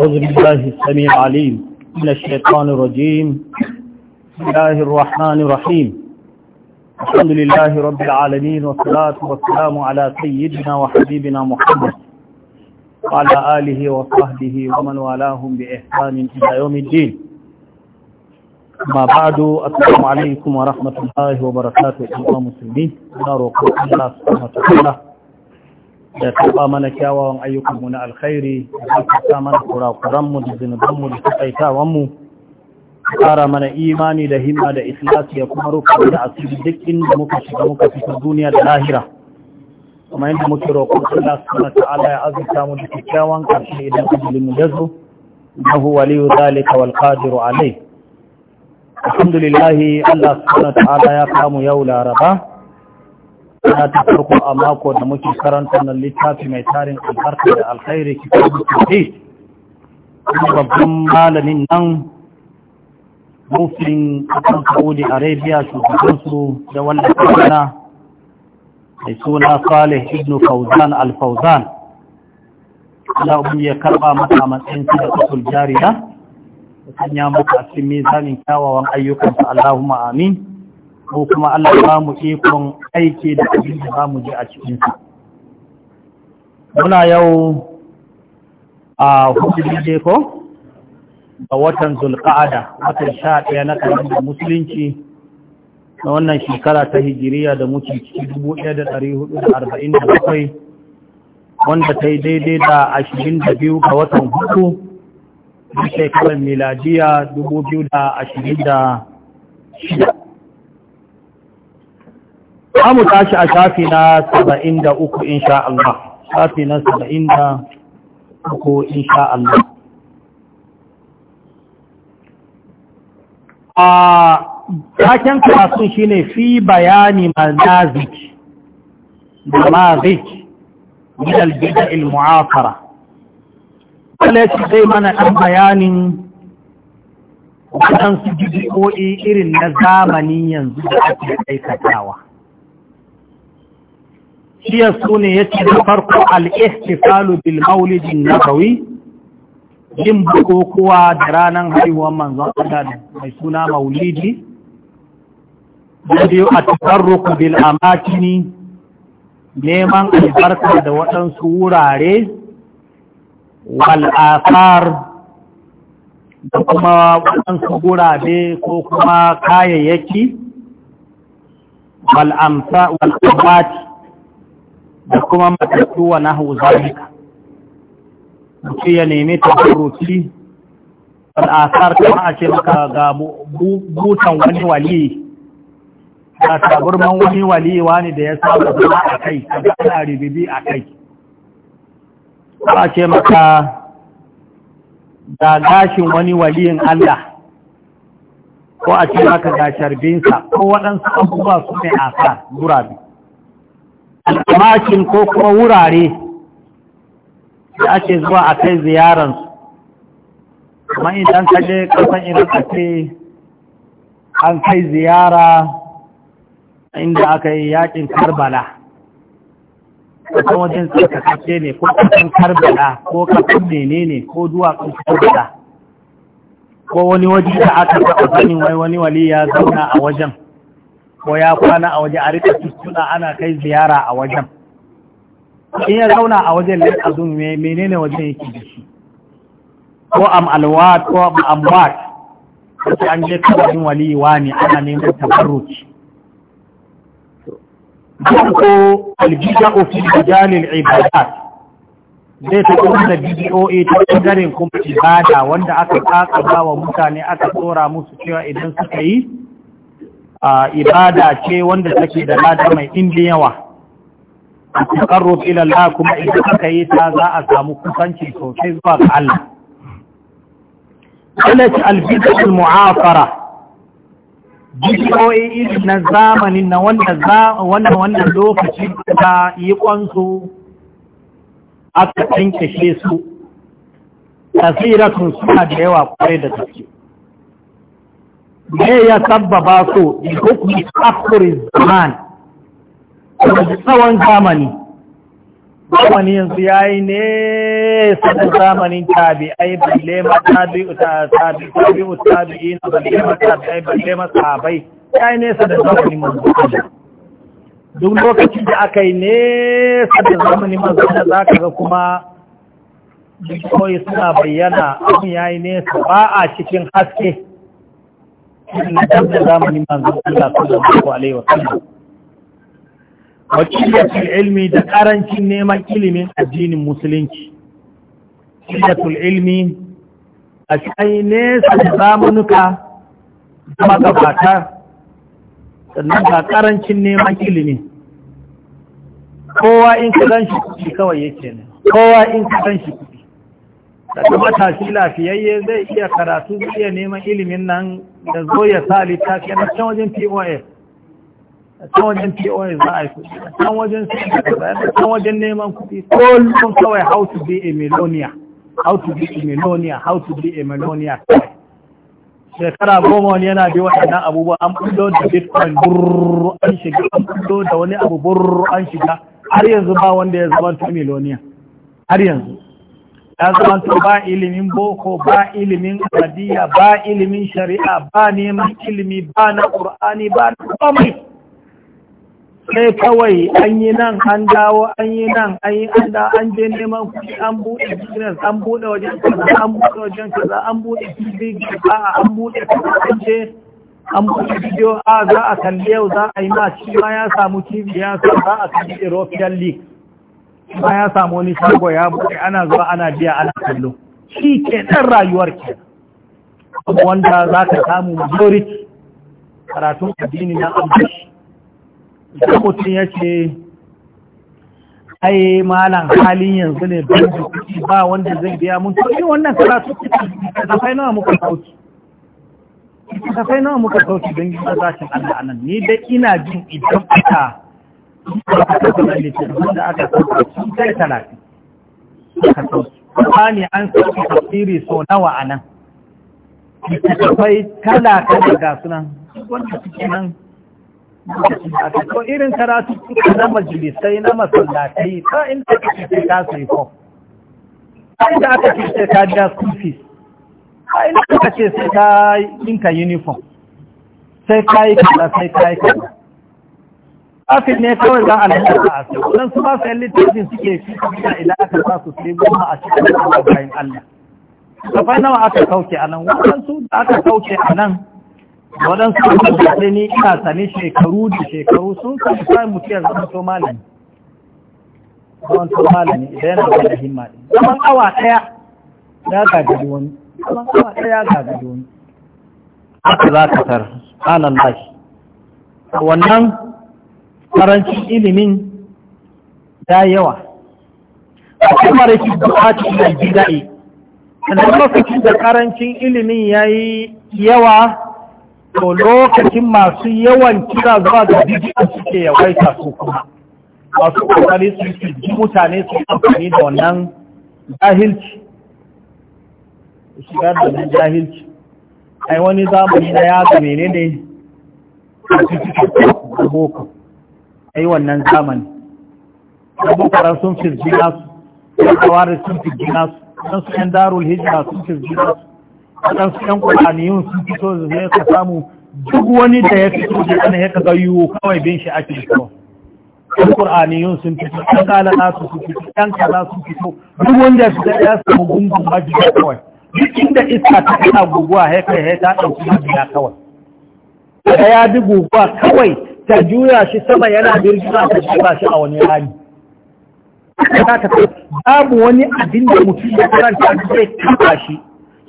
أعوذ بالله السميع العليم من الشيطان الرجيم بسم الله الرحمن الرحيم الحمد لله رب العالمين والصلاة والسلام على سيدنا وحبيبنا محمد وعلى آله وصحبه ومن والاهم بإحسان إلى يوم الدين ما بعد السلام عليكم ورحمة الله وبركاته أيها المسلمين نار وقوة الله سبحانه وتعالى da taɓa mana kyawawan ayyukanmu na alkhairi da ta mana kurakuranmu da zunubanmu da tsaitawanmu ƙara mana imani da himma da islasi ya kuma rufe da asiri duk inda muka shiga muka fito duniya da lahira kuma yadda muke roƙon Allah subhanahu ta'ala ya azurta mu da kyakkyawan ƙarshe idan ajalin mu yazo innahu waliyu zalika wal qadiru alai alhamdulillah Allah ta'ala ya kamu yau laraba rana ta farko a mako da muke karanta na littafi mai tarin albarka da alkhairi kitabu Kuma babban malamin nan mufin kasan saudi arabia su da wanda kana mai suna salih ibn fauzan al-fauzan Allah ya karba mata matsayin su da usul jariya da sanya muka cikin mizanin kyawawan ayyukansa Allahumma amin ko kuma Allah ba mu ikon aiki da abin da ba mu ji a cikinsa. Muna yau a hudu Jeko, A watan Zulka'ada, watan sha ɗaya na ƙarin da Musulunci, na wannan shekara ta Hijiriya da muke ciki 1447, wanda ta yi daidai da 22 ga watan hudu, da shekarar miladiya 2026. za mu tashi a shafi na saba'in da uku insha Allah shafi na saba'in da uku insha Allah a taken kwasun shi ne fi bayani manazik da mazik min albida ilmu'afara wale shi zai mana ɗan bayanin waɗansu jibi'o'i irin na zamani yanzu da ake aikatawa shiyar su ne ya ce da farko al'ihtifalu bil maulidin nabawi yin bukukuwa da ranar haihuwar manzon Allah mai suna maulidi da biyu a tafarruku bil amakini neman albarka da waɗansu wurare wal'afar da kuma waɗansu wurare ko kuma kayayyaki wal'amsa da kuma matattu wa nahu zalika mutum ya nemi tabarruki al'asar kama a ce maka ga butan wani wali ga taburman wani wali wani da ya saba zama a kai ga ana ribibi a kai a ce maka ga gashin wani waliyin Allah ko a ce maka ga sharbinsa ko waɗansu abubuwa su ne a sa gurabi al'amakin ko kuma wurare da ake zuwa a kai ziyararsu. kuma idan ka je kasan irin a ce an kai ziyara inda aka yi yakin karbala kasan wajen tsarkakace ne ko kasan karbala ko kasan nene ne ko duwatsun karbala ko wani waje da aka taɓa sanin wani wali ya zauna a wajen ko ya kwana a waje a rika tuttuɗa ana kai ziyara a wajen in ya zauna a wajen a lalazun menene wajen yake da shi ko am alwat ko am amwat ko an je kawai waliwa ne ana neman tabarruki ko albida'u ofin rijalil ibadat zai ta kuma da bidiyoyi ta ɓangaren kuma ibada wanda aka tsaka ba wa mutane aka tsora musu cewa idan suka yi a ibada ce wanda take da lada mai indin yawa a cikin ila Allah kuma idan aka yi ta za a samu kusanci sosai zuwa ga Allah kalat al muafara bidiyoyi irin na zamanin na wanda wannan lokaci ta yi kwansu aka tanke su tasiratun suna da yawa kwarai da gaske me ya sababa su in hukumi akhir zaman tsawon zamani zamani yanzu ya yi ne sadan zamanin tabi'ai balle ma tabi'u tabi'u tabi'in balle ma tabi'ai balle ma Ya yi ne da zamanin manzo duk lokacin da aka yi ne da zamanin manzo za ka ga kuma jikoyi suna bayyana abin ya yi ne ba a cikin haske na dab da zamanin manzon Allah sallallahu alaihi wa sallam wakilatul ilmi da karancin neman ilimin addinin musulunci wakilatul ilmi a cikin nesa da zamanuka da magabata sannan ga ƙarancin neman ilimi kowa in ka gan shi kuɗi kawai yake ne kowa in ka gan shi kuɗi da matashi lafiyayye zai iya karatu zai iya neman ilimin nan da zo ya sa littafi yana can wajen pos can wajen pos za a yi kuɗi a can wajen a can wajen neman kuɗi lukun kawai how to be a melonia how to be a melonia how to be a melonia shekara goma wani yana bi waɗannan abubuwa an kudo da bitcoin burru an shiga an kudo da wani abu burr an shiga har yanzu ba wanda ya zama ta miloniya har yanzu ya to ba ilimin boko ba ilimin abadiya, ba ilimin shari'a ba neman ilimi ba na ƙur'ani ba na ƙwamai sai kawai an yi nan an dawo an yi nan an yi an da an je neman kuɗi an buɗe business an buɗe wajen kaza an buɗe wajen kaza an buɗe tv ba an buɗe kaza an je an buɗe bidiyo a za a kalli yau za a yi ma shi ma ya samu tv ya sa za a kalli european league ba ya samu wani shago ya buɗe ana zuwa ana biya ana kallo shi ke ɗan rayuwar ke wanda za ka samu majority karatun addini na ambashi da mutum ya ce ai malam halin yanzu ne ba wanda zai biya mun sauki wannan karatu kasafai nawa muka sauki kasafai nawa muka sauki don yi zashin Allah anan ni dai ina jin idan aka da aka sauka sun kai talatin aka sauki kwani an sauki tafsiri so nawa a nan littattafai kala kala ga sunan wanda suke nan A ko irin karatu suka na majalisai na masallatai ta inda aka ce ka sai ko ta inda aka ce ka ja school fees ta inda aka ce sai ka yinka uniform sai ka yi kaza sai ka yi kaza afin ne kawai za a lalata a sai wannan su ba su yan littafin suke shi kuma ila aka sa su sai goma a cikin da bayan Allah kafa nawa aka kauce a nan waɗansu da aka kauce a nan waɗansu da kauce ni ina sani shekaru da shekaru sun san sai mutiyar zama to malami zaman to malami idan yana da himma zaman awa ɗaya ya gagari wani zaman awa ɗaya ya gagari wani aka za ka tar anan lashi wannan karancin ilimin da yawa a kamar yake buƙaci da gidaye sannan lokacin da karancin ilimin ya yi yawa to lokacin masu yawan kira zuwa ga bidi'a suke yawaita su kuma masu kokari su ji mutane su amfani da wannan jahilci shigar da wannan jahilci ai wani zamani na ya ga menene a cikin boko sai wannan zamani abubuwar sun su ya kawar sun jina su don su yan darul hijira sun jina su don su yan kuraniyun sun fito so zai ka samu duk wani da ya so da ana ya kaga yiwu kawai bin shi ake fito yan ƙur'aniyun sun fito yan kala nasu sun fito yan kaza sun fito duk wanda ya fita ya samu gungun majiya kawai duk inda iska ta kana guguwa ya kai ya ta ɗauki majiya kawai da ya bi guguwa kawai ta juya shi sama yana birgina ta jefa shi a wani rami babu wani abin da mutum ya karanta zai kafa shi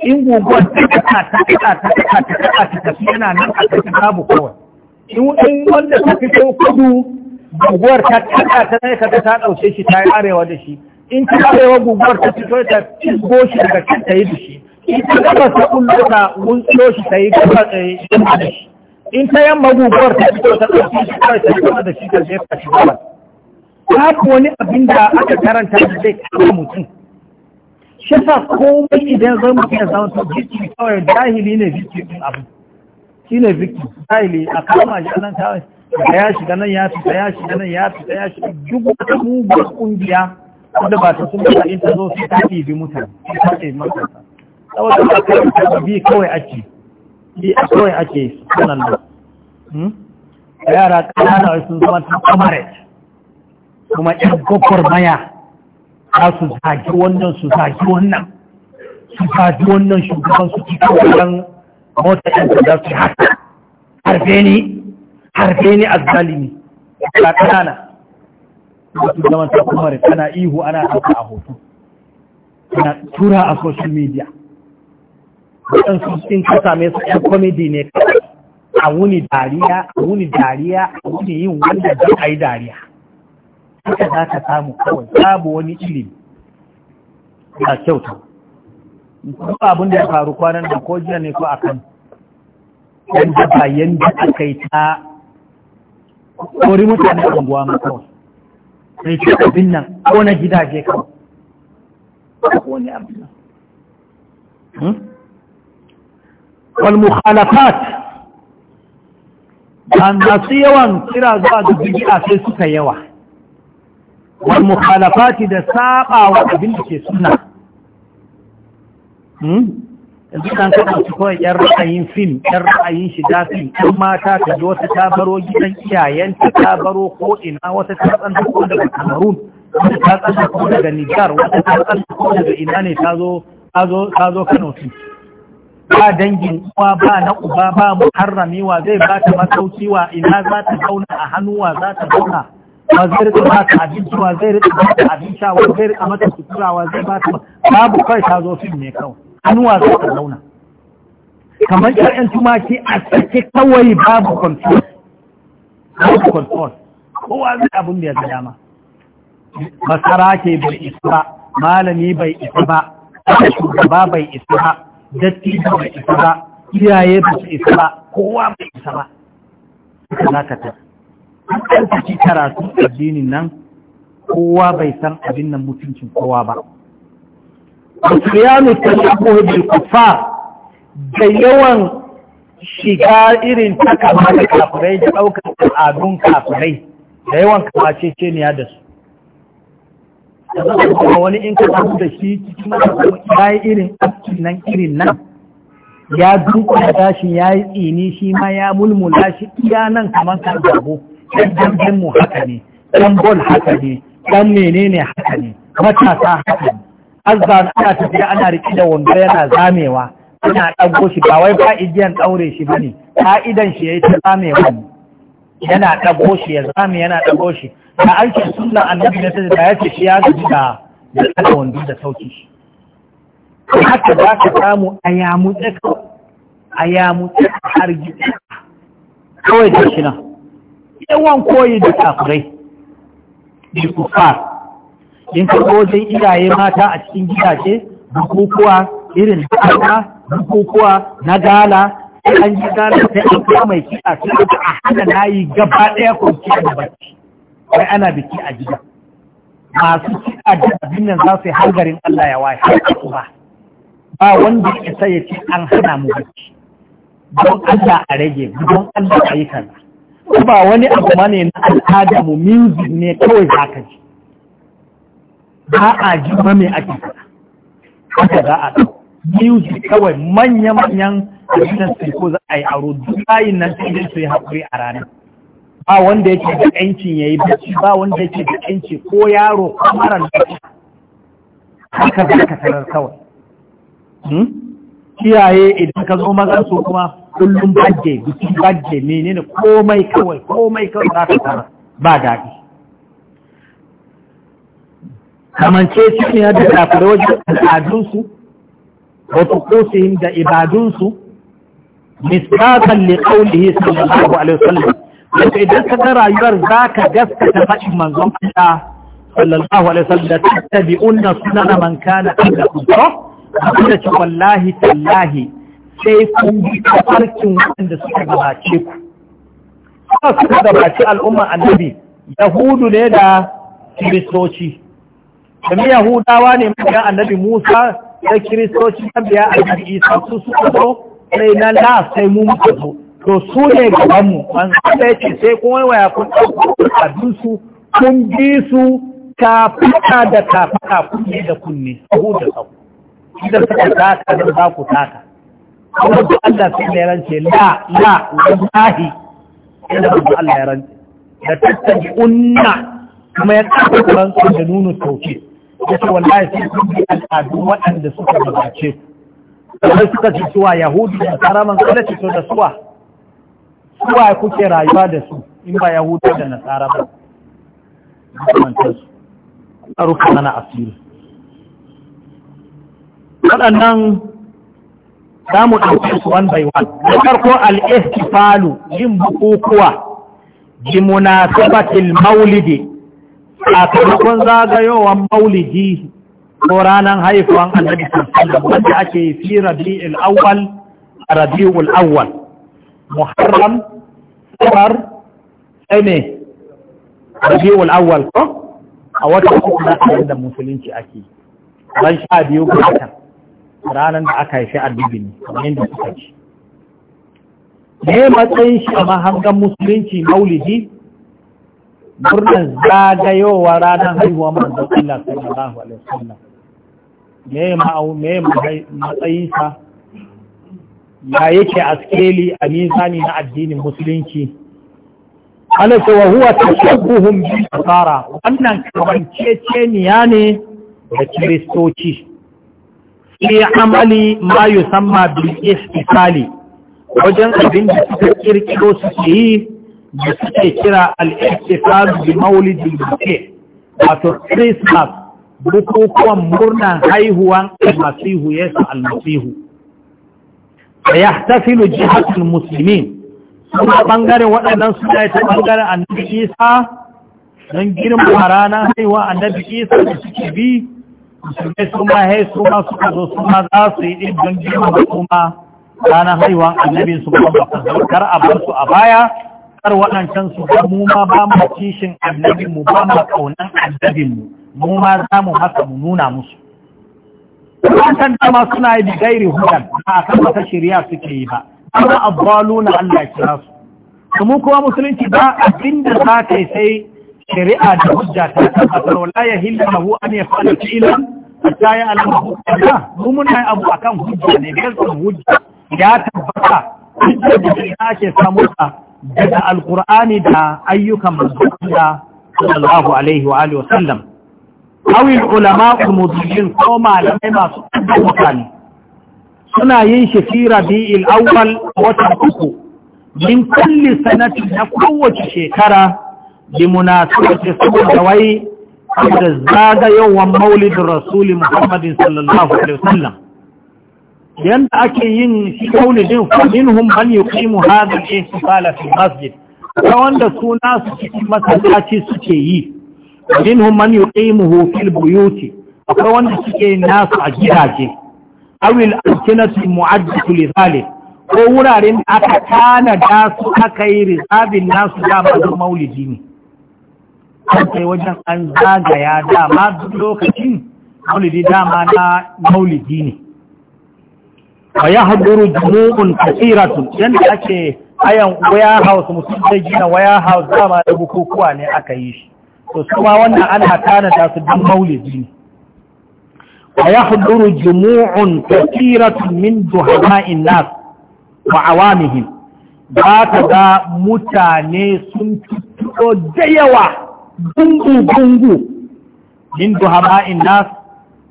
in guguwar ta kasa ta kasa ta kasa ta kasa ta yana nan a cikin babu kawai in wanda ta fito kudu guguwar ta kasa ta ne kaga ta ɗauke shi ta yi arewa da shi in ta arewa guguwar ta fito ta fisgo shi daga can ta yi da shi in ta gaba ta kullo ta wuntso shi ta yi gaba da shi in ta yamma guguwar ta fito ta ɗauki shi kawai ta fito da shi ta jefa shi gabas babu wani abin da aka karanta da zai kama mutum shi sa komai idan zai mutum ya zama to jiki kawai jahili ne jiki ɗin abu shi ne jiki jahili a kama shi anan kawai da ya shiga nan ya fita ya shiga nan ya fita ya shiga duk wata mugun kungiya wanda ba ta sun da in ta zo sai ta ɗibi mutane sai ta ɗibi matasa saboda ba ta bi kawai ake shi a kawai ake sunan da hmm? yara ƙanana sun zama ta kamaret kuma ƴan gwakwar maya za su zaki wannan su zaki wannan su zaki wannan shugaban su cikin wajen mota ƴan da za su haka harfe ni harfe ni a zalimi yara ƙanana su zama ta kamaret ana ihu ana ɗauka a hoto ana tura a social media waɗansu in ka same su ɗan komedi ne a wuni dariya a wuni dariya a wuni yin wanda don a yi dariya haka za ka samu kawai babu wani ilimi a kyauta duk abin da ya faru kwanan da ko jiya ne ko a kan yan daba yanda aka yi ta kori mutane a unguwa ma kawai sai ce abin nan ko na gidaje kawai ko wani abin nan hmm? wal mukhalafat dan yawan kira zuwa da bid'a sai suka yawa wal da saba wa abin da ke sunna yanzu kan kaɗa su kawai ‘yan ra'ayin fim 'yar ra'ayin shiga fim ‘yan mata ta ji wata ta baro gidan iyayenta ta baro ko'ina wata ta tsanta ko daga kamarun. wata ta tsanta ko daga nijar wata ta tsanta ko daga ina ne ta zo kano fim ba dangin uwa ba na uba ba muharrami wa zai ba ta masauki wa ina za ta zauna a hannuwa za ta zauna wa zai rika ba ta abinci wa zai rika ba ta abinci wa zai rika mata sutura wa zai ba ta babu kai ta zo fim ne kawai hannuwa za ta zauna kamar ƴaƴan tumaki a cikin kawai babu control babu control kowa zai abin da ya dama masara ke bai isa ba malami bai isa ba shugaba bai isa ba datti ba mai isa ba iyaye ba su isa ba kowa mai isa ba suka lakata an ɗaukaki karatu addinin nan kowa bai san abin nan mutuncin kowa ba Musulmanu ta shakohi da kufa da yawan shiga irin ta kama da kafirai da ɗaukar al'adun kafirai da yawan kama ce ne da su kuma wani in ka samu da shi cikin ya yi irin aski nan irin nan ya duka tashi ya yi tsini shi ma ya mulmula shi iya nan kamar kan gabo ɗan damben mu haka ne ɗan bol haka ne ɗan menene haka ne matasa haka ne azza ana tafiya ana riƙe da wanda yana zamewa ana ɗago shi ba wai fa'idiyan ɗaure shi ba ne fa'idan shi ya yi ta zamewa ne yana ɗago shi ya zama yana ɗago shi da aikin sunna annabi na ta ya ce shi ya gaji da da tsada wando da sauki shi haka za ka samu a yamu tsaka a yamu tsaka har gida kawai da shi na yawan koyi da kafirai da kufar in ka wajen iyaye mata a cikin gidaje bukukuwa irin da bukukuwa na gala sai an ji gane sai an kuma mai kiɗa sai a hana layi gaba ɗaya ko a da bacci wai ana biki a gida masu a gida abin nan za su yi hangarin Allah ya waye har ba ba wanda ya sai ya ce an hana mu bacci don Allah a rage don Allah a yi kaza ko ba wani abu ma ne na al'ada mu music ne kawai za ka ji ba a ji ba me ake kaza haka za a ɗauka music kawai manya-manyan abinan su ko za a yi aro ayin nan sai su yi haƙuri a ranar ba wanda yake da ƴancin ya yi bacci ba wanda yake da ƴanci ko yaro ko mara lafiya haka za ka tarar kawai kiyaye hmm? idan ka zo maza su kuma kullum bagge biki bagge menene komai kawai komai kawai za ka tarar ba daɗi kamance ne da kafirai wajen al'adunsu wa tuqusihim da ibadunsu misqatan li qawlihi sallallahu alaihi wasallam idan ka ga rayuwar zaka gaskata faɗin manzon Allah sallallahu alaihi wasallam da tattabi'unna sunana man kana qablakum to ce wallahi tallahi sai kun bi tafarkin wanda suka gabace ku suka suka gabace al'umma annabi yahudu ne da kiristoci domin ne mai annabi musa da kiristoci ta biya a isa su suka zo sai na la sai mu muka zo to su ne gabanmu an da ya ce sai kuma waya kun ɗauko su kun bi su kafuka da kafuka kunne da kunne sahu da sahu idan suka taka da za ku taka kuma da Allah sai ya rance la la wallahi idan Allah ya rance da tattabi unna kuma ya kafa ran da nunu tauke yace wallahi sai kun bi al'adu waɗanda suka gabace kamar suka ci suwa yahudu da karaman kada ci da suwa suwa kuke rayuwa da su in ba yahudu da nasara ba Na rufe mana asiri waɗannan za mu ɗauke su one by one da farko al'ihtifalu yin bukukuwa bi munasabatil maulidi A sakamakon zagayowar maulidi ko ranar haifuwan annabi sallallahu wanda ake yi fi rabi'ul awwal rabi'ul awwal muharram safar sai ne rabi'ul awwal ko a wata uku na da musulunci ake Ban sha biyu ga watan ranar da aka haifi annabi ne kamar yadda kuka ci ne matsayin shi a mahangan musulunci maulidi murnar zagayowa ranar haihuwa manzon Allah sallallahu alaihi wasallam me ma'au me sa, ya yake askeli a mizani na addinin musulunci ana wa huwa tashabbuhum bil nasara wannan kamanceceniya ne da kiristoci fi amali ma yusamma bil istisali wajen abin da suka kirkiro suke yi da suke kira al'ikifar bi maulidin buke wato christmas bukukuwan murnan haihuwan almasihu yesu almasihu da ya tafilu jihatul musulmi suna ɓangaren waɗannan suna ta ɓangaren annabi isa don girma ranar haihuwa annabi isa da suke bi musulmai su ma hai su ma suka zo su ma za su yi ɗin don girma su ranar haihuwan Annabi ba ba a bar a baya kar waɗancan su ga mu ma ba mu kishin annabin mu ba mu kaunan annabin mu mu ma za mu haka mu nuna musu waɗancan dama suna yi gairi hudan ba a kan wata shirya suke yi ba amma abbalu na Allah kira su kuma kuma musulunci ba abin da za ka yi sai shari'a da hujja ta tabbatar wala ya hilma lahu an ya fa'ala hatta ya alama hujja mu mun yi abu akan hujja ne gaskiya hujja ya tabbata hujja da ake samu ta daga alkur'ani da ayyukan manzanniya sallallahu alaihi wa alihi wasallam awil ulama ulmudujin ko malamai masu ɗan mutane suna yin shafira bi'il awwal watan uku min kulli sanati na kowace shekara bi munasabati saboda wai saboda zagayowan maulidin rasuli muhammadin sallallahu alaihi wasallam yanda ake yin shi kaulidin faminhum man yuqimu hadha al-ihtifala fi masjid ta wanda suna su cikin masallaci suke yi minhum man yuqimuhu fil buyuti akwai wanda suke nasu a gidaje awil alkinatu mu'addatu li zalik ko wuraren da aka tanada su aka yi rizabin nasu dama don maulidi ne an kai wajen an zagaya dama duk lokacin maulidi dama na maulidi ne wa ya haɗuru jumu'un kasiratun yadda ake hayan warehouse mutum zai gina warehouse dama da bukukuwa ne aka yi shi to kuma wannan ana tanada su don maulidi ne wa ya haɗuru jumu'un kasiratun min duhama'in nas wa awamihim ba ta ga mutane sun fito da yawa gungu-gungu min duhama'in nas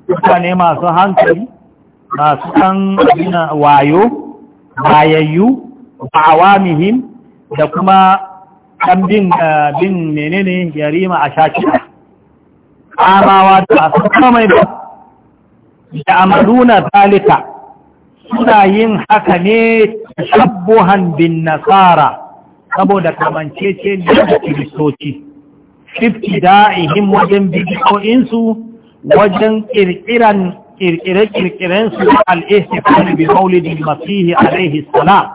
mutane masu hankali masu ɗan wayo bayayyu awamihim da kuma ɗan bin eh, ne menene yarima a shakira amawa da masu kamai ba da amaluna talika suna yin haka ne shabbuhan bin nasara saboda kamancece da kiristoci shifti ihin wajen bidiyoyinsu wajen ƙirƙiran kirkire-kirkiren su al'ihtifar bi maulidin masihi alaihi salam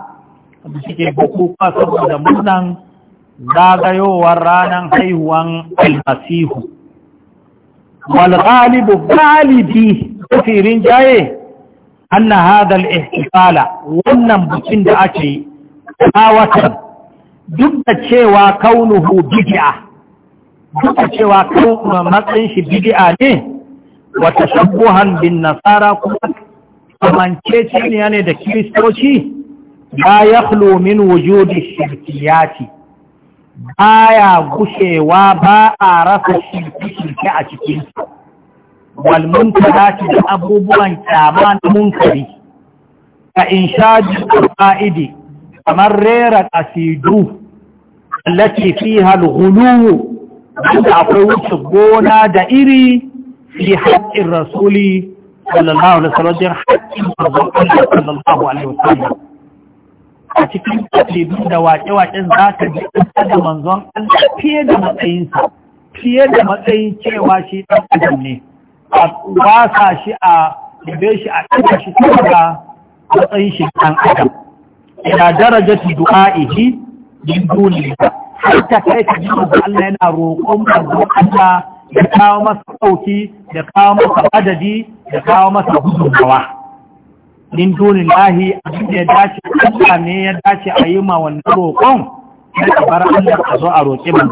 da suke bukuka saboda murnan zagayowar ranar haihuwan almasihu walghalibu galibi kafirin jaye an na hadal ihtifala wannan bukin da ake yi kawatar duk da cewa kaunuhu bidi'a duk da cewa matsayin shi bidi'a ne wata shabbuhan bin nasara kuma kamancece ne ne da kiristoci ba ya min wujudi shirkiyati baya gushewa ba a rasa shirki-shirki a cikin walmuntara da abubuwan kyama na munkari ka inshajin ƙa'idi kamar rera ƙasidu allaci fi halhulu wanda akwai wuce gona da iri fi haƙƙin rasuli sallallahu alaihi wasallam jar haƙƙin manzon sallallahu alaihi wasallam a cikin tafsirin da waƙe-waƙen za ka ji da manzon Allah fiye da matsayinsa fiye da matsayin cewa shi ɗan adam ne a wasa shi a ɗabe shi a ɗaga shi saboda matsayin shi ɗan adam Ina ila darajati du'a'ihi min duniya har ta kai ta ji Allah yana roƙon manzon Allah da kawo masa ɗauki da kawo masa adadi da kawo masa gudunmawa min dunin lahi abin da ya dace Allah ne ya dace a yi ma wannan roƙon da bar Allah a zo a roƙi man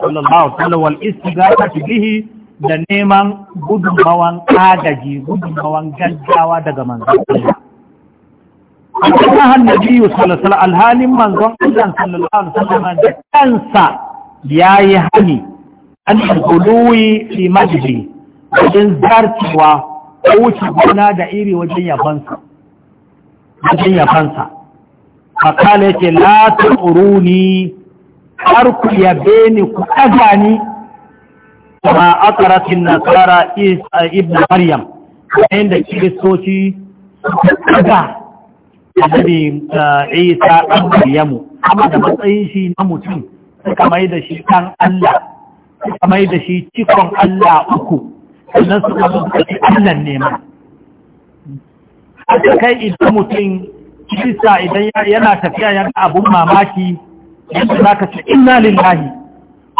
sallallahu alaihi wal fi bihi da neman gudunmawan agaji gudunmawan gaggawa daga manzon Allah Allah annabi sallallahu alaihi alhalin manzon Allah sallallahu alaihi wasallam da kansa yi hani an al fi majdi wajen zartewa ko wuce gona da iri wajen yabansa wajen yabansa makala yake latin uruni har ku yabe ni ku ɗaga ni a akaratin nasara eh, ibn maryam yayin da kiristoci suka ɗaga annabi eh, isa ɗan maryamu amma da matsayin shi na mutum suka mai da shi ɗan allah suka mai da shi cikon Allah uku sannan suka zo suka ci Allah nema A kai idan mutum kisa idan yana tafiya yana abun mamaki yadda za ka ce inna lillahi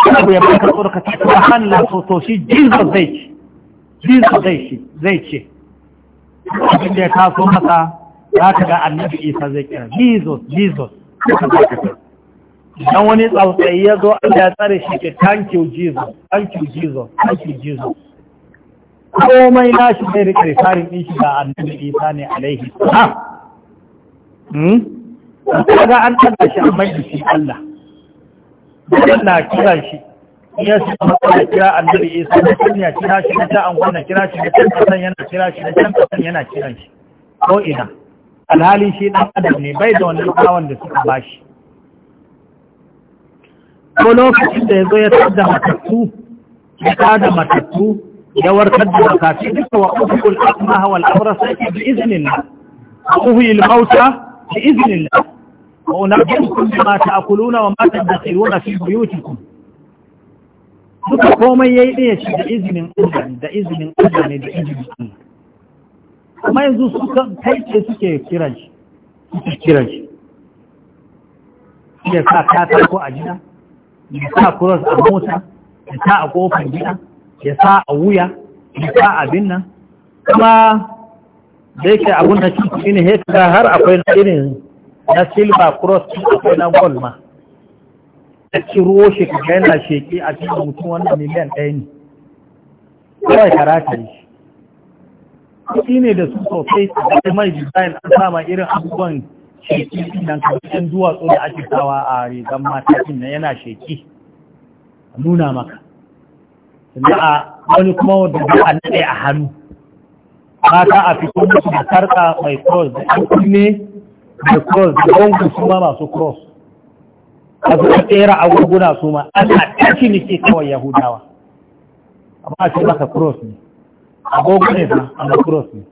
wani abu ya baka tsorka ta kuma hannun soto shi jesus zai ce jesus zai ce abin da ya taso masa za ka ga annabi isa zai kira jesus jesus suka zai kira dan wani tsautsayi ya zo a ya tsare shi ke thank you Jesus thank you Jesus thank you Jesus komai na shi zai rika rifarin din shi ga annabi Isa ne alaihi salam hmm kaga an tada shi amma shi Allah na kiran shi ya shi matsala kira annabi Isa da ya kira shi da an gwana kira shi da kan yana kira shi da kan yana kiran shi ko ina alhali shi dan adam ne bai da wannan kawan da suka bashi ko lokacin da ya zo ya tada matattu ya tada matattu ya warkar da makafi duka wa ukul asmaha wal abrasa bi iznillah wa uhyi al mauta bi iznillah wa unabbiukum bima ta'kuluna wa ma tadkhuluna fi buyutikum duka komai yayi da shi da izinin Allah da izinin Allah ne da izinin Allah kuma yanzu su kan kai ce suke kiran shi suke kiran shi ya sa ta ko a jina ya sa kuros a mota ya sa a kofar gida ya sa a wuya ya sa abin nan kuma da yake abin da shi ne hekara har akwai na irin na silver cross akwai na gold ma da kiro shi ka na sheki a cikin mutum wannan miliyan ɗaya ne kawai karata shi. kuɗi ne da su sosai A da mai design an sama irin abubuwan sheki nan kawai duwatsu da ake sawa a rigan matakin nan yana sheki nuna maka sannan a wani kuma wanda za a naɗe a hannu mata a fito musu da sarƙa mai cross da ɗan kunne da cross da gongo su ma masu cross a zuwa tsera a gurguna su ma ana tashi ne ke kawai yahudawa amma a ce maka cross ne agogo ne ba amma cross ne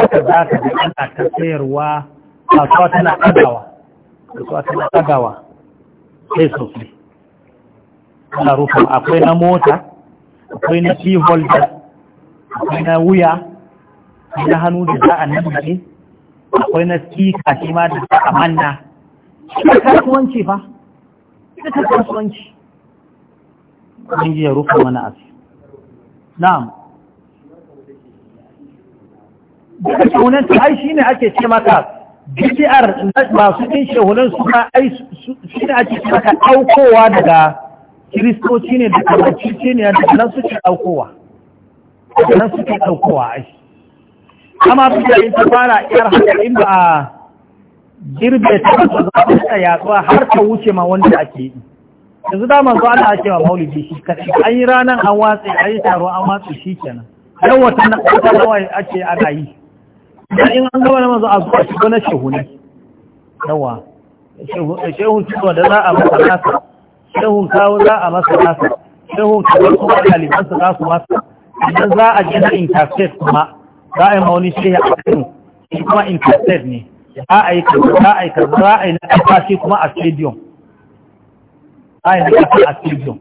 haka za ka ji ana ta sayarwa kasuwa tana ɗagawa kasuwa tana ɗagawa sai sosai ana rufe akwai na mota akwai na key holder akwai na wuya na hannu da za a nan ne akwai na sika shi ma da za a manna shi kasuwanci fa ita kasuwanci ƙungiyar rufe mana asu na'am daga shehunan su ai ne ake ce maka bid'ar masu ɗin shehunan su ma ai ne ake ce maka daukowa daga kiristoci ne daga kamancin ne da nan suke daukowa da nan suke daukowa ai amma bid'a in ta fara yar haka in ba a girbe ta ba za ta yatsuwa har ta wuce ma wanda ake yi yanzu da manzo ana ma maulidi shi kaɗai an yi ranar an watsi an yi taro an watsi shi kenan yau watan na ƙasa ake ana yi da in an gaba na manzo a zuwa shi na shehu ne yawa shehun cewa da za a masa nasa shehun kawo za a masa nasa shehun kawo kuma ɗalibansa za su masa idan za a gina intercept kuma za a yi mauni shehi a kan shi kuma intercept ne za a yi kaza za a yi kaza za a yi na ƙasa shi kuma a stadium za a yi na ƙasa a stadium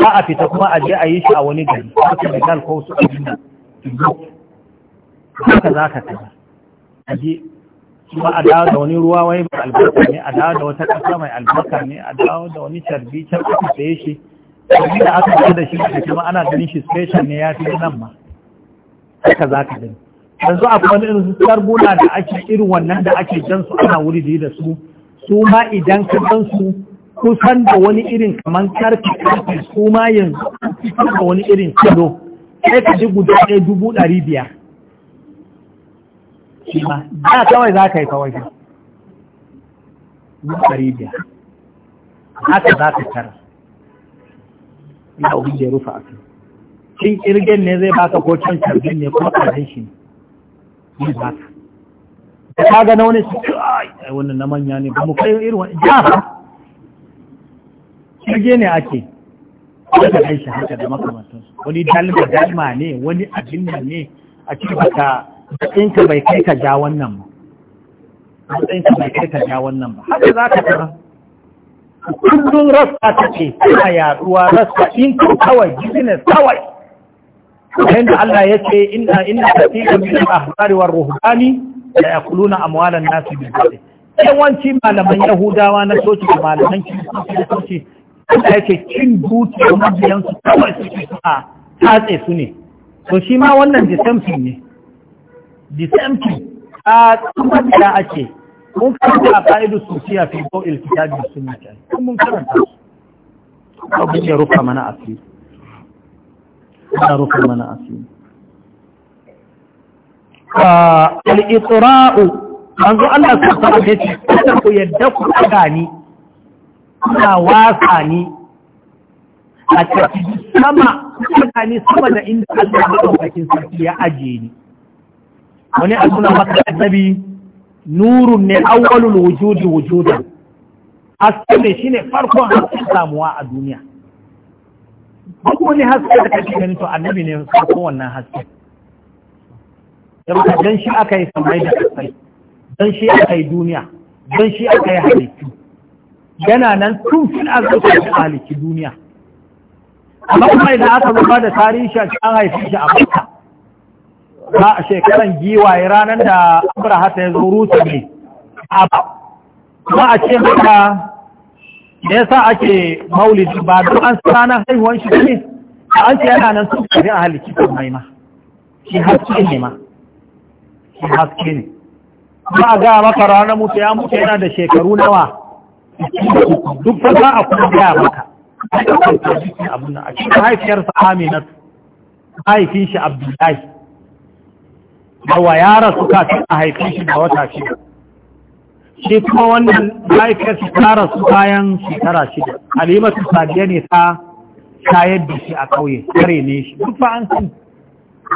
za a fita kuma a je a yi shi a wani gari a cikin ko su a gina haka za ka kai a Su kuma a dawo da wani ruwa wai mai albarka ne a dawo da wata ƙasa mai albarka ne a dawo da wani carbi can aka saye shi carbi da aka saye da shi da kuma ana ganin shi special ne ya fi nan ma haka za ka gani yanzu akwai wani irin su sarbuna da ake irin wannan da ake jan su ana wuri da da su su ma idan ka san su kusan da wani irin kamar karfe-karfe su ma yanzu kusan da wani irin kilo sai ka ji guda ɗaya dubu ɗari biyar shi ma da kawai za ka yi kawai na ɗari biya. haka za ka tara ina abin da ya rufa a kai cin kirgin ne zai baka ko can karbin ne kuma karbin shi ne zai baka da ta ga na wani su kai wannan na manya ne ba mu kai irin wani ja kirge ne ake wanda kai shi haka da makamantansu wani dalma dalma ne wani abin ne a cikin baka matsayinka bai kai ka ja wannan ba matsayinka bai kai ka ja wannan ba haka za ka tara kullum rasta ta ce tana yaduwa rasta in ka kawai business kawai kayan da Allah ya ce inna inna kafiran min al-ahbari war ruhbani la yakuluna amwalan da bil batil yawanci malaman yahudawa na soci da malaman kiristoci Allah ya ce cin dutse mabiyansu kawai suke suna tatse su ne to shi ma wannan da ne the same thing a tabbata ake mun karanta a fa'idu sufiya fi ko ilkitabi sunnata kun mun karanta su abin ya rufa mana asiri ya rufa mana asiri al'itura'u manzo Allah su ta da ce kusa ku yadda ku daga ni kuna wasa ni a tafi sama kuna ni sama da inda Allah ya ɗaukakin sarki ya ajiye ni wani a suna maka annabi nurun ne awwalul wujudi wujudan haske ne shine farkon hasken samuwa a duniya duk wani haske da kake gani to annabi ne farkon wannan haske yamma don dan shi aka yi samai da kasai dan shi aka yi duniya dan shi aka yi halittu yana nan tun fil azuka da halittu duniya amma kuma idan aka rubuta da tarihi shi an haifi shi a makka ba a shekaran giwaye ranar da abraha ta ya zo rusa ne ba a ce maka da yasa ake maulidi ba don an ranar haihuwan shi ne an ce yana nan sun kari a halittu kan maima shi haske ne ma shi haske ne ba a gaya maka ranar mutu ya mutu yana da shekaru nawa duk fa za a kuma gaya maka a cikin haifiyarsa aminat haifin shi abdullahi bawa ya rasu kafin a haifi shi da wata shida shi kuma wannan mahaifiyar shi ta rasu bayan shekara shida halimatu sadiya ne ta shayar da shi a ƙauye kare ne shi duk ba an san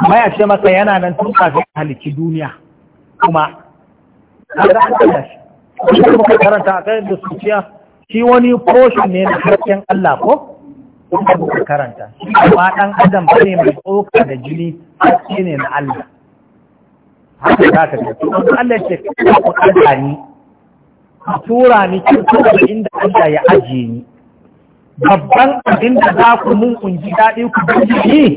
baya ce masa yana nan tun kafin halicci duniya kuma an da an tsaya shi shi kuma karanta a kayan da suciya shi wani portion ne na harshen Allah ko kuma karanta shi kuma ɗan adam ne mai tsoka da jini haske ne na Allah haka za ka tafi wanda Allah ce ka ku kada ni ka tura ni kin tura inda Allah ya ajiye ni babban abin da za ku mun kun ji daɗi ku ji ni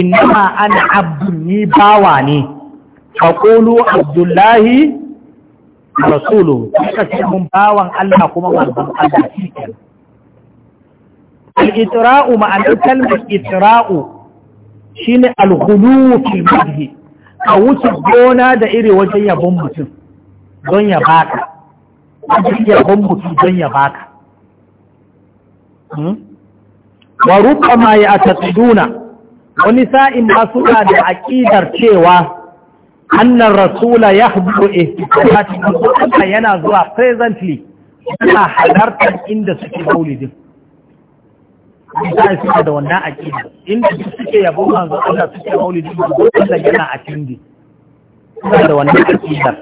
innama ana abdun ni bawa ne Ka kulu abdullahi rasulu kuka ce mun bawan Allah kuma manzon Allah shi kenan al-itra'u ma'anar kalmar itra'u shine al-ghulu fil madhi ka wuce gona da iri wajen yabon mutum don ya baka wajen yabon mutum don ya baka hmm? wa ruka ma a tattuduna, wani sa'in masu da da aƙidar cewa annan rasula ya hudu ihtikamati Allah yana zuwa presently yana halartar inda suke maulidin misali suna da wannan aƙida inda duk suke yabo manzo Allah suke maulidi manzo Allah yana a tindi suna da wannan aƙidar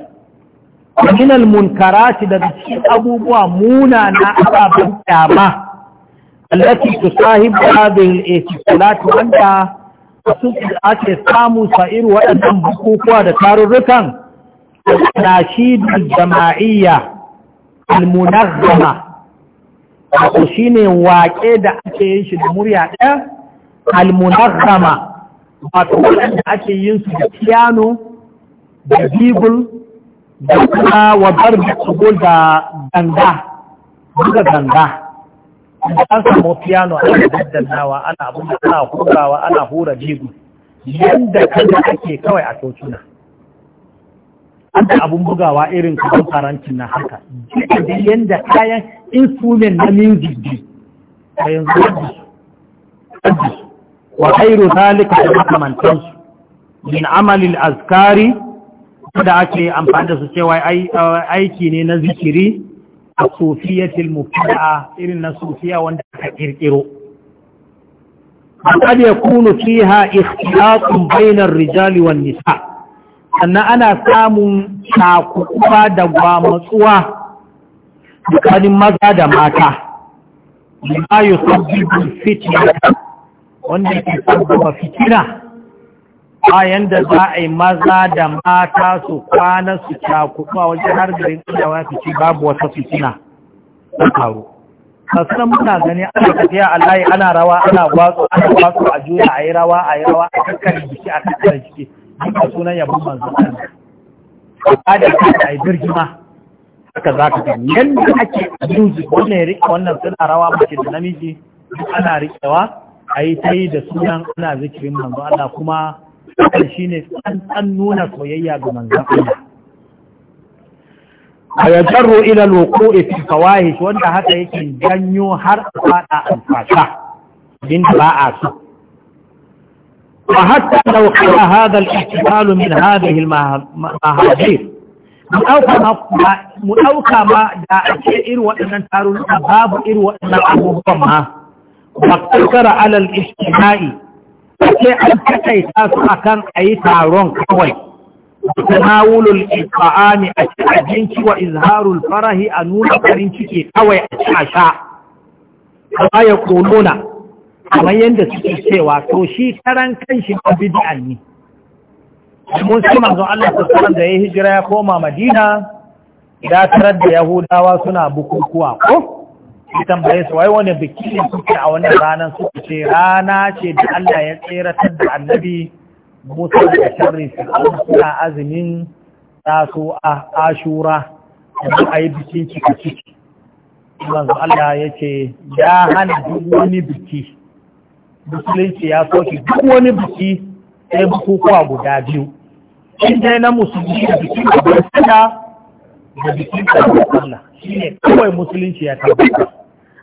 min al-munkarati da cikin abubuwa munana ababen kyama allati tusahibu hadhihi al-ihtisalat wanda su ake samu sa'ir waɗannan bukukuwa da tarurrukan nashidu jama'iyya al-munazzama shi ne waƙe da ake yin shi da murya ɗaya almunaghama wato waɗanda ake yin su da piano da bibul da kuma wabar da tsugo da ganga buga ganga an samu piano ana daddannawa ana abin da ana hurawa ana hura bibul yadda kada ake kawai a tocina an da abun bugawa irin kamar farancin na haka da yadda kayan instrument na music a yanzu yadda wa kairu zalika da makamantan su min amalil azkari da ake amfani da su cewa aiki ne na zikiri a sufiyatil mubtada irin na sofiya wanda aka kirkiro قد يكون فيها اختلاط بين الرجال والنساء sannan ana samun cakukuwa da gwamatsuwa dukkanin maza da mata ma yi sabbin fitina wanda ke sabbaba fitina bayan da za a yi maza da mata su kwana su cakukuwa wajen har garin ilawa fice babu wata fitina ta faru kasan muna gani ana tafiya a layi ana rawa ana watsu a juya a yi rawa a yi rawa a kakkan jiki a kakkan jiki duka sunan yabon manzon Allah da ka ai birgima haka za ka yadda ake yuzi wannan ya rike wannan suna rawa mace da namiji ana rikewa a yi ta yi da sunan ana zikirin manzo Allah kuma hakan shi ne tsantsan nuna soyayya ga manzon Allah a yajarru ila loko fi kawai wanda haka yake janyo har a fada alfasha inda ba a so وحتى لو كان هذا الاحتفال من هذه المهاجير mu ɗauka ma da ake irin waɗannan tarurruka babu irin waɗannan abubuwan ma ba ƙarƙara alal ishtima'i ake an taƙaita su akan a yi taron kawai tanawulul ifa'ami a ci abinci wa izharul farahi a nuna farin ciki kawai a ci a sha kama ya kamar yadda suke cewa to shi karan kanshi a bid'an ne mun sai manzon Allah sallallahu da ya hijira ya koma Madina ya tarar da Yahudawa suna bukukuwa ko shi tambaye su wai wani biki ne suke a wannan ranar suke ce rana ce da Allah ya tseratar da annabi Musa da sharri suna azumin taso a ashura da a yi bikin ciki ciki manzon Allah ya ce ya hana duk wani biki musulunci ya soke duk wani biki sai bukukuwa guda biyu in dai na musulunci da bikin babbar sallah da bikin babbar sallah shine kawai musulunci ya tabbata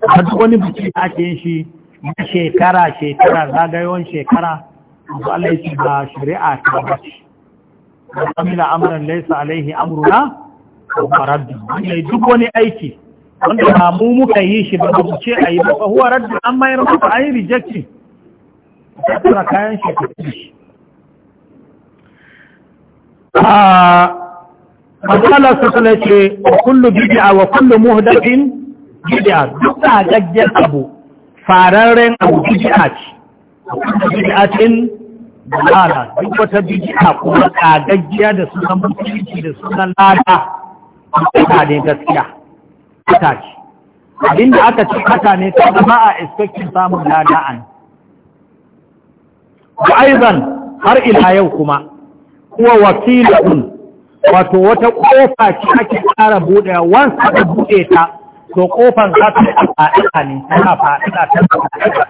a duk wani biki ta ke shi na shekara shekara zagayon shekara abu Allah yake ba shari'a ta bace wa amila amran laysa alaihi amruna wa raddu ne duk wani aiki wanda ba mu muka yi shi ba mu ce ayi ba huwa raddi amma yana ba ayi rejecting tattara kayan shi ta fi Matsalar su kula ce, wa kullu bid'a wa kullu muhdafin bid'a duk da gaggen abu, fararren abu bid'a ce, a kullu bid'atin dalala duk wata bid'a kuma kagaggiya da suna mutunci da sunan lada ta ne gaskiya ta ce abinda aka ce kata ne ta zama a expectin samun lada an wa aizan har ila yau kuma kuwa wakilun wato wata kofa ce ake ƙara buɗe wansa da buɗe ta to kofan za ta yi faɗiɗa ne tana faɗiɗa ta faɗiɗa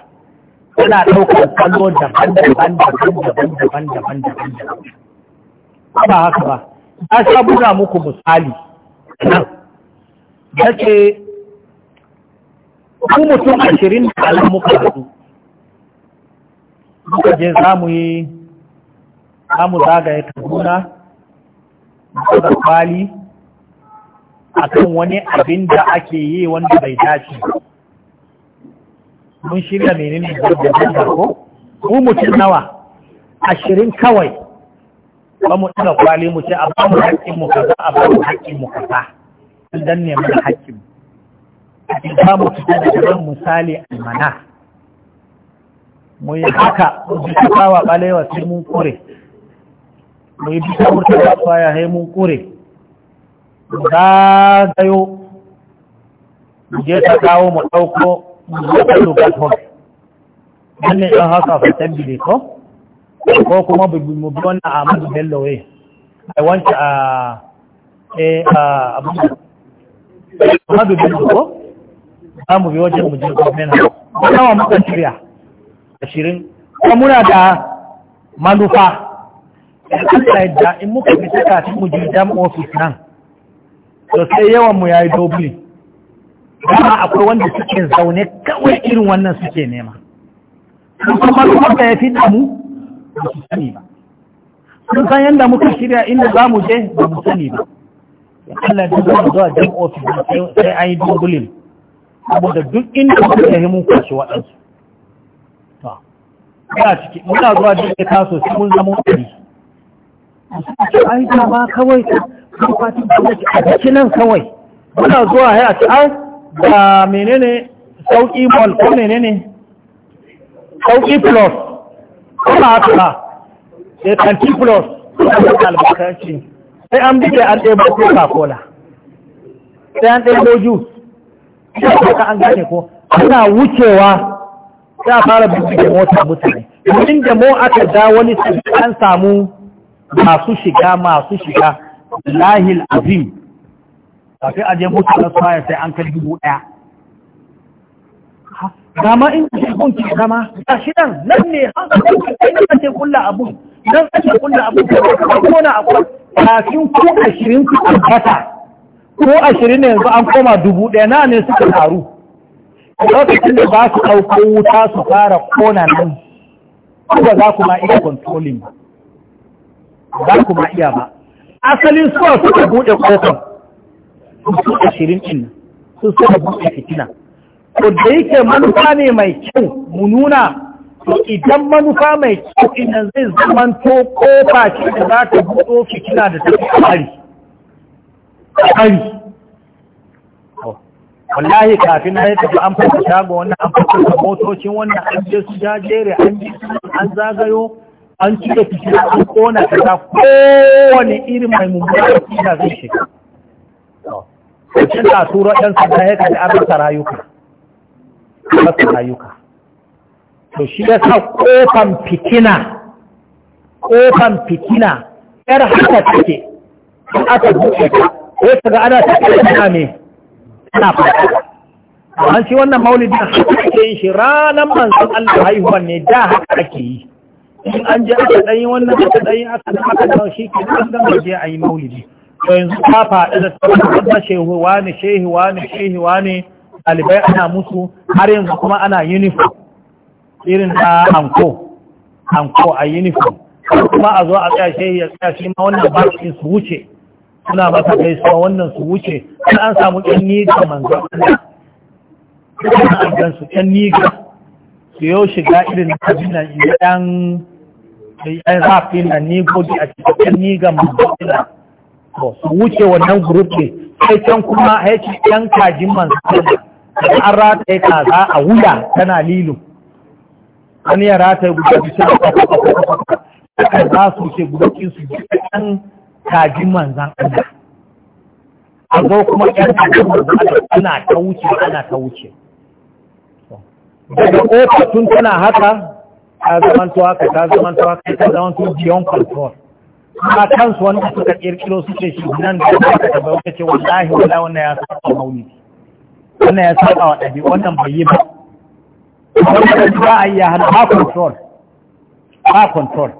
tana ɗaukar kallo daban daban daban daban daban daban daban daban ba haka ba na sha buga muku misali nan ya ce ku mutum ashirin da alamuka haɗu muka je za mu yi za mu zagaye kaduna da kwali a kan wani abin da ake yi wanda bai dace mun shirya menene zargin ko mu mutum nawa ashirin kawai ba mu ɗaga kwali mu ce a ba mu haƙƙin mu kaza a ba mu haƙƙin mu kaza don ne haƙƙin mu ba mu fita da gaban misali almana mu yi haka duka kawa balewa sai mun kure mu yi duka wuta da kwaya sai mun kure mu zagayo mu je ta kawo mu ɗauko mu zo ta lugar hon wannan yan haka fatan bile ko ko kuma mu bi wannan amadu bello wai i want a ah, eh a ah, abu amadu bello ko za mu bi wajen mu je ko. nawa muka shirya ashirin kuma muna da manufa yadda in muka fita kafin mu je dam ofis nan to sai yawan mu yayi dobli dama akwai wanda suke zaune kawai irin wannan suke nema sun san manufar da ya fi damu ba su sani ba sun san yadda muka shirya inda za mu je ba mu sani ba Allah da zuwa zuwa dam ofis sai an yi dobulin saboda duk inda muka yi mun kwashe waɗansu muna zuwa da taso sai mun zama wani ai ba kawai kan fatin gwamnati a cikin nan kawai muna zuwa ya ce ai da menene sauƙi mall ko menene sauƙi plus kuma haka da eh, kanti plus da albarkaci sai an bude an ɗaya ba coca kola sai an ɗaya ba juice ka an gane ko ana wucewa za fara bincike mota mutane inda da mu aka da wani an samu masu shiga masu shiga lahil azim kafin aje mota na saya sai an kai dubu ɗaya dama in kun ki dama ga shi nan nan ne kai ne ake kulla abu nan ake kulla abu ko na abu kafin ku ashirin ku tabbata ko ashirin ne yanzu an koma dubu ɗaya na ne suka taru lokacin da za su ɗauko wuta su fara kona nan ba za ku ma iya kontrolin ba za ku ma iya ba asalin suwa suka buɗe kofar su ashirin ɗin su suka buɗe fitina ko da yake manufa ne mai kyau mu nuna to idan manufa mai kyau idan zai zaman to kofa ce da za ta buɗo fitina da ta fi ƙari wallahi kafin na tafi an fasa shago wannan an fasa motocin wannan an je su jere, an ji an zagayo an cika fishi an kona kaza kowane irin mai mummuna da zai shiga Wacin na turo ɗan sanda ya kalli an rasa rayuka. Rasa rayuka. To shi ya sa kofan fitina, kofan fitina, ‘yar haka take, aka buɗe ta, ko ta ga ana tafiya da me tana fata an shi wannan maulidi ake yin shi ranar manzon Allah haihuwar ne da haka ake yi in an je aka ɗanyi wannan aka ɗanyi aka da aka dawo shi ke an gama je a yi maulidi to yanzu ta faɗi da tsawon da shehu wani shehu wani shehu wani ɗalibai ana musu har yanzu kuma ana uniform irin ta hanko hanko a uniform kuma a zo a tsaya shehu ya tsaya shi ma wannan ba su wuce suna masa gaisuwa wannan su wuce an an samu ƴan niga manzo Allah an su ƴan niga shiga irin kabilan ɗan ɗan rafin na nigogi a cikin manzo su wuce wannan guruf ne sai can kuma haiti ƴan kajin manzo Allah an rataye kaza a wuya tana lilo wani ya rataye guda bisa da kafa kafa kafa kafa kafa kafa kajin manzan Allah a zo kuma ƴan kajin manzan Allah ana ta wuce ana ta wuce daga ƙofa tun tana haka ta zamanto haka ta zamanto haka ta zamanto beyond control kuma kansu wanda suka kirkiro su ce shi nan da ya ta bauta ce wallahi wala wannan ya saba mauni wannan ya saba wa ɗabi wannan bai yi ba wannan da ba a yi ya hana ba control ba control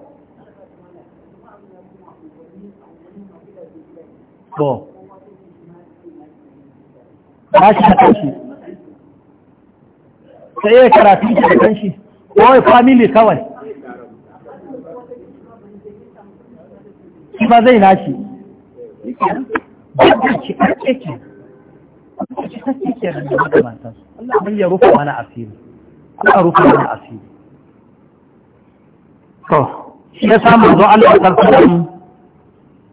to ba shi da kanshi sai ya karatu shi da kanshi kawai family kawai shi ba zai nashi ba ci karke ke ba ci karke ke da makamantansu Allah ya rufe mana asiri Allah rufe mana asiri to shi ya samu zo Allah karfafa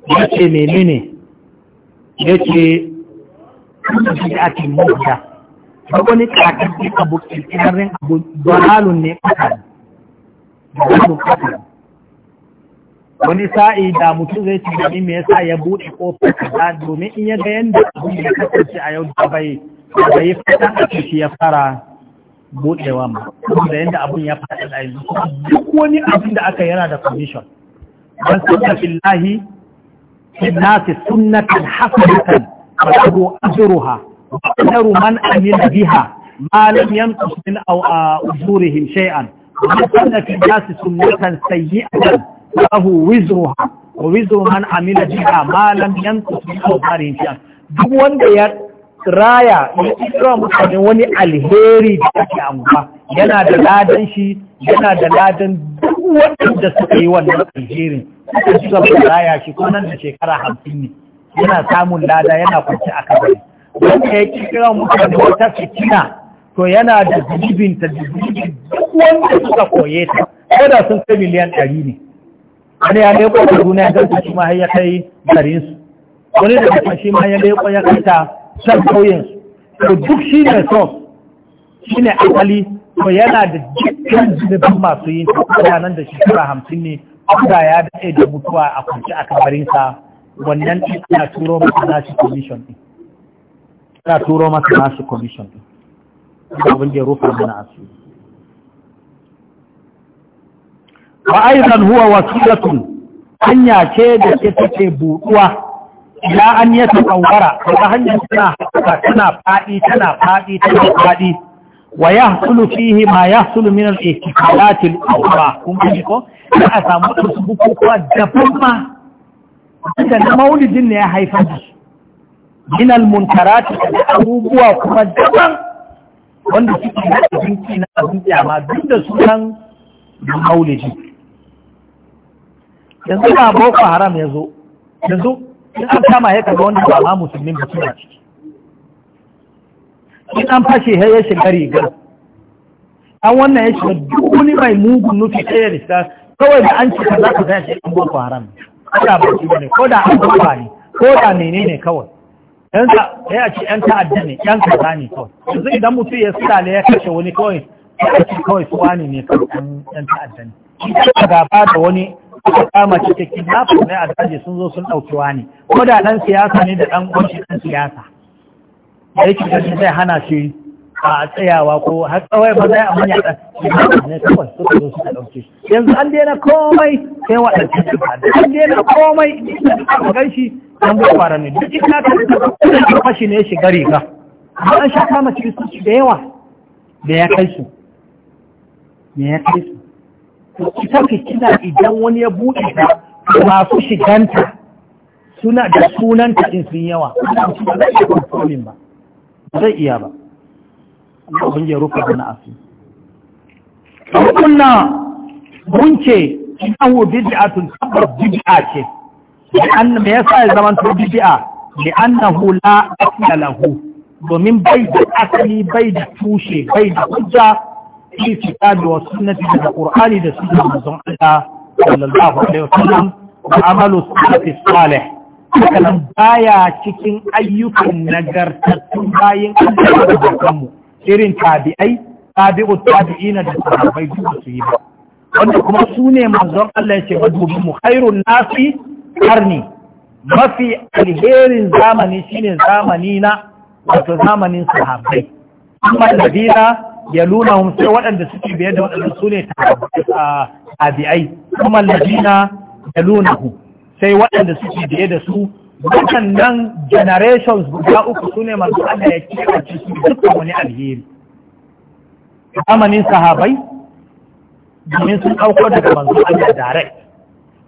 ya ce menene ya ce ake mawuta ba wani kakaskin abu kirkirin abu dalalun ne kasar wani sa'i da mutum zai ci gani mai yasa ya buɗe ƙofar kaza domin in ya ga yadda abu ya kasance a yau da bai yi fata a shi ya fara buɗewa ma da yadda abun ya fata da yanzu duk wani abin da aka yana da commission don sun tafi lahi الناس سنة حسنة وله أجرها وأجر من أمن بها ما لم ينقص من أو أجورهم شيئا ومن سن في الناس سنة سيئة له وزرها ووزر من أمن بها ما لم ينقص من أوزارهم شيئا duk wanda ya raya ya kira mutane wani alheri da ake amma yana da ladan shi yana da ladan duk waɗanda suka yi wannan alherin aka ci gaba da raya shi ko nan da shekara hamsin ne yana samun lada yana kwanci a kabari wanda ya kira mutane wata fitina to yana da zunubin ta zunubin duk wanda suka koye ta kada sun kai miliyan ɗari ne wani ya leko da duniya don su shi ma ya kai garin su wani da kuma shi ma ya leko ya kai ta can kauyen su to duk shi ne so shi ne asali to yana da dukkan zunubin masu yin ta nan da shekara hamsin ne da ya daɗe da mutuwa a kwanci a kamarinsa wannan ɗin ana turo masa nashi commission ɗin ana turo masa nashi commission ɗin abin da ya rufa mana asiri wa aizan huwa wasilatun hanya ce da ke take buɗuwa ya an yi ta tsawara daga hanyar tana tana faɗi tana faɗi tana faɗi wa ya yahsulu fihi ma ya min minan ihtifalat al-ukhra kun ji ko a samu wasu bukukuwa daban ma da na maulidin ne ya haifar da su min al-munkarat da abubuwa kuma daban wanda suke na abinci na abin kyama duk da sunan maulidi yanzu ba boko haram ya zo yanzu in an kama ya kaga wanda ba ma musulmin ba suna ciki in an fashe ya ya shiga rigar an wannan ya shiga duk wani mai mugun nufi ta ya rista kawai da an cika za ka zai shi an boko haram ana ba shi ne ko da an boko ne ko da menene kawai yan sa ya ce yan ta'adda ne yan za ne kawai yanzu idan mutum ya sale ya kashe wani kawai ya ce kawai su wani ne kawai yan ta'adda ne ka gaba da wani aka kama cikakken nafi ne a daji sun zo sun ɗauki wani ko da ɗan siyasa ne da ɗan ƙunshi ɗan siyasa da yake kashi zai hana shi a tsayawa ko har tsawai ba zai amma ya ɗan ne kawai suka zo suka ɗauke yanzu an daina komai sai waɗansu su faɗi an daina komai da aka gan shi an bai fara ne duk ina ka da fashi ne shiga riga amma an sha kama su da yawa da ya kai su me ya kai su ita kina idan wani ya buɗe ta masu shiganta suna da sunanta in sun yawa ba za a yi ba ba zai iya ba Allah ubangiji ya rufa mana asiri kunna mun ce innahu bid'atun tabbas bid'a ce an me yasa ya zama to bid'a li annahu la asla lahu domin bai da asali bai da tushe bai da hujja fi kitabi wa sunnati da qur'ani da suna manzon Allah sallallahu alaihi wasallam wa amalu salafis salih hakanan baya cikin ayyukan nagartattun bayan mu irin tabi'ai tabi'u tabi'ina da sahabbai duk su yi ba wanda kuma su ne manzon Allah ya ce ba dubi mu khairun nasi karni mafi alherin zamani shine zamani na wato zamanin sahabbai amma ladina mu sai waɗanda suke biyar da waɗanda su ne tabi'ai kuma ladina mu. sai waɗanda suke biye da su waɗannan generations guda uku su ne masu ana ya kiyace su dukkan wani alheri zamanin sahabai domin sun ɗauko daga manzo Allah direct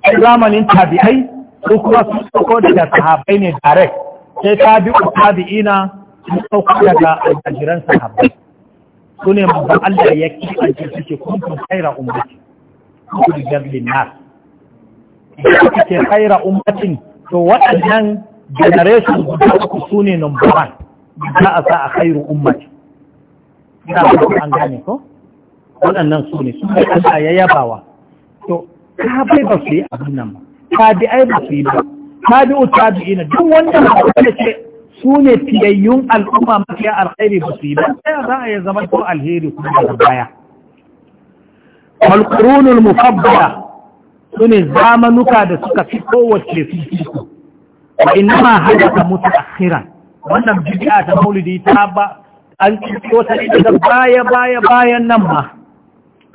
sai zamanin tabi'ai su kuma sun ɗauko daga sahabai ne direct sai tabi'u tabi'ina sun ɗauko daga aljiran sahabai su ne manzo Allah ya kiyace suke kaira umarci kuma kudu jirgin nasu da suka ce haira ummatin to waɗannan generation guda uku su ne number one za a sa a khairu ummati ina ba an gane ko waɗannan su ne su ne Allah ya yabawa to ka bai ba su yi abin nan ba ai ba su yi ba tabi'u ina, duk wanda ba su ce su ne fiyayyun al'umma mafiya alkhairi ba su yi ba sai za a yi zama ko alheri kuma daga baya والقرون المفضلة su ne zamanuka da suka fi kowace fifiko wa inama haddasa mutu a akhiran wannan bid'a ta maulidi ta ba an ko ta daga baya baya bayan nan ma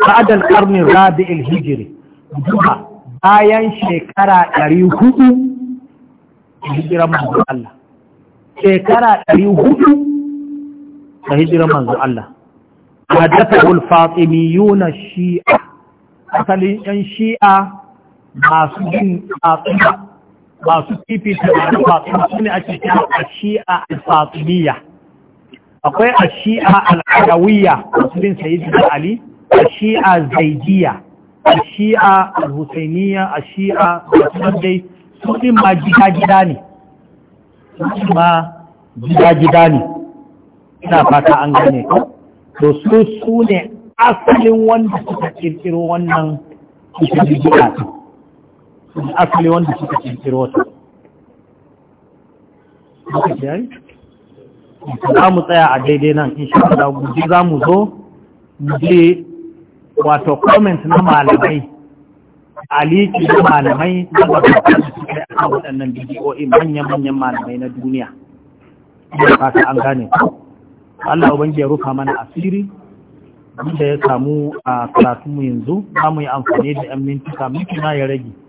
ba'dal qarni rabi'il hijri duba bayan shekara ɗari 400 hijiran manzo Allah shekara ɗari 400 da hijiran manzo Allah hadatha al-fatimiyuna shi'a asali yan shi'a masu jin fatima masu fifita da fatima su ne ake kira a shi'a al-fatimiyya akwai a shi'a al-adawiyya masu bin da ali a shi'a zaidiyya a shi'a al-husainiyya a shi'a da kuma dai su ne ma gida-gida ne su ma gida-gida ne ina fata an gane to su su ne asalin wanda suka kirkiro wannan ita bid'a asali wanda suka cikin ta za mu tsaya a daidai nan in sha za mu zo mu je wato comment na malamai aliki na malamai na gabatar da suka yi a waɗannan bidiyoyi manyan-manyan malamai na duniya da fata an gane Allah ubangi ya rufa mana asiri da ya samu a karatunmu yanzu za mu yi amfani da 'yan mintuka mintuna ya rage